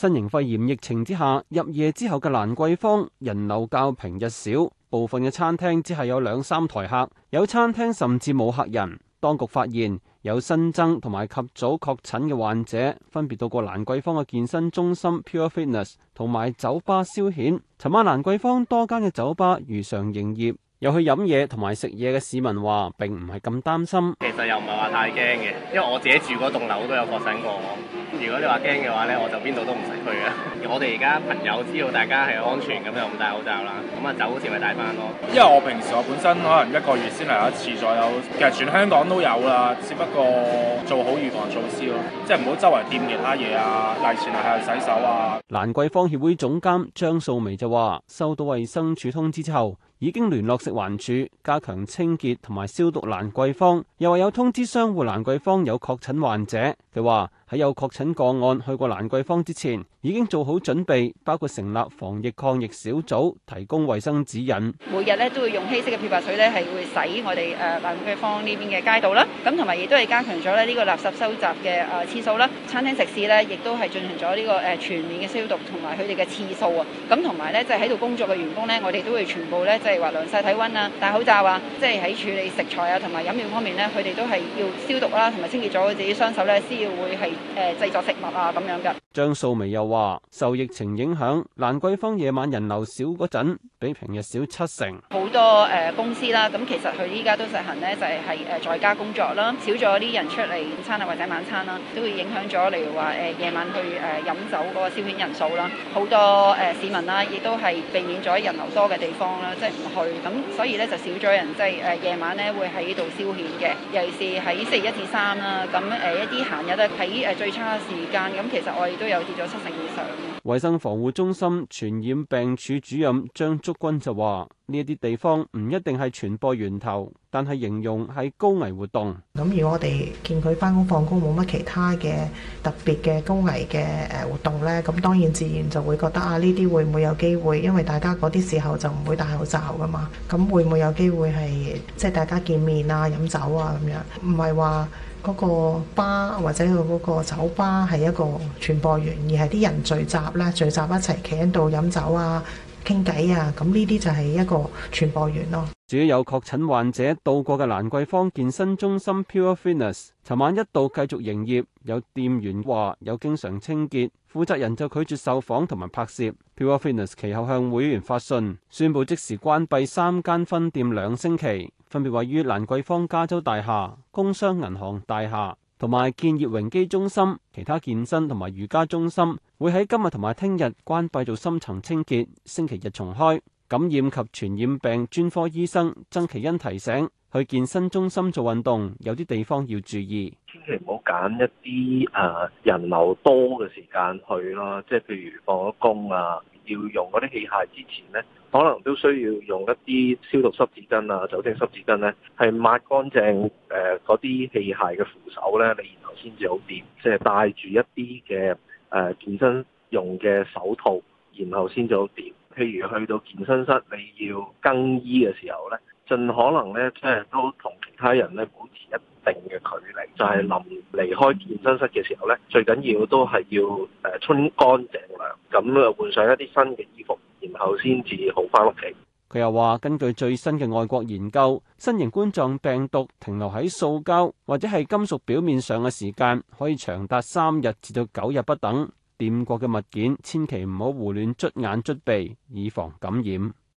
新型肺炎疫情之下，入夜之後嘅蘭桂坊人流較平日少，部分嘅餐廳只係有兩三枱客，有餐廳甚至冇客人。當局發現有新增同埋及早確診嘅患者，分別到過蘭桂坊嘅健身中心 Pure Fitness 同埋酒吧消遣。尋晚蘭桂坊多間嘅酒吧如常營業。有去飲嘢同埋食嘢嘅市民話，並唔係咁擔心。其實又唔係話太驚嘅，因為我自己住嗰棟樓都有確診過我。我如果你話驚嘅話咧，我就邊度都唔使去啦。 我哋而家朋友知道大家係安全，咁就唔戴口罩啦。咁啊走好似咪戴翻咯。因為我平時我本身可能一個月先嚟一次，左右，其實全香港都有啦，只不過做好預防措施咯，即係唔好周圍掂其他嘢啊，嚟前係洗手啊。蘭桂坊協會總監張素眉就話：收到衛生署通知之後。已經聯絡食環署加強清潔同埋消毒蘭桂坊，又話有通知商戶蘭桂坊有確診患者。佢話喺有確診個案去過蘭桂坊之前，已經做好準備，包括成立防疫抗疫小組，提供衛生指引。每日呢都會用稀釋嘅漂白水呢係會洗我哋誒蘭桂坊呢邊嘅街道啦。咁同埋亦都係加強咗呢呢個垃圾收集嘅誒次數啦。餐廳食肆呢，亦都係進行咗呢個誒全面嘅消毒同埋佢哋嘅次數啊。咁同埋呢，就喺度工作嘅員工呢，我哋都會全部呢例如話量晒體溫啊，戴口罩啊，即係喺處理食材啊，同埋飲料方面咧，佢哋都係要消毒啦、啊，同埋清潔咗佢自己雙手咧，先會係誒製作食物啊咁樣嘅。張素眉又話：受疫情影響，蘭桂坊夜晚人流少嗰陣，比平日少七成。好多誒公司啦，咁其實佢依家都實行呢，就係係誒在家工作啦，少咗啲人出嚟午餐啊或者晚餐啦，都會影響咗，例如話誒夜晚去誒飲酒嗰個消遣人數啦。好多誒市民啦，亦都係避免咗人流多嘅地方啦，即係唔去。咁所以咧就少咗人，即係誒夜晚咧會喺度消遣嘅。尤其是喺星期一至三啦，咁誒一啲閒日咧喺誒最差嘅時間，咁其實我哋都。又跌咗七成以上。衞生防護中心傳染病處主任張竹君就話。呢啲地方唔一定係傳播源頭，但係形容係高危活動。咁如果我哋見佢翻工放工冇乜其他嘅特別嘅高危嘅誒活動呢，咁當然自然就會覺得啊，呢啲會唔會有機會？因為大家嗰啲時候就唔會戴口罩噶嘛。咁會唔會有機會係即係大家見面啊、飲酒啊咁樣？唔係話嗰個吧或者佢嗰個酒吧係一個傳播源，而係啲人聚集咧，聚集一齊企喺度飲酒啊、傾偈啊！咁呢啲就係一個傳播源咯。至於有確診患者到過嘅蘭桂坊健身中心 Pure Fitness，尋晚一度繼續營業，有店員話有經常清潔，負責人就拒絕受訪同埋拍攝。Pure Fitness 其後向會員發信，宣布即時關閉三間分店兩星期，分別位於蘭桂坊加州大廈、工商銀行大廈同埋建業榮基中心，其他健身同埋瑜伽中心，會喺今日同埋聽日關閉做深層清潔，星期日重開。感染及傳染病專科醫生曾祈殷提醒：去健身中心做運動有啲地方要注意，千祈唔好揀一啲誒人流多嘅時間去咯，即係譬如放咗工啊，要用嗰啲器械之前呢，可能都需要用一啲消毒濕紙巾啊、酒精濕紙巾呢，係抹乾淨誒嗰啲器械嘅扶手咧，你然後先至好掂，即係戴住一啲嘅。誒、呃、健身用嘅手套，然後先做掂。譬如去到健身室，你要更衣嘅時候呢，盡可能呢即係都同其他人呢保持一定嘅距離。就係臨離開健身室嘅時候呢，最緊要都係要誒沖乾淨涼，咁啊換上一啲新嘅衣服，然後先至好返屋企。佢又話：根據最新嘅外國研究，新型冠狀病毒停留喺塑膠或者係金屬表面上嘅時間，可以長達三日至到九日不等。掂過嘅物件，千祈唔好胡亂捽眼捽鼻，以防感染。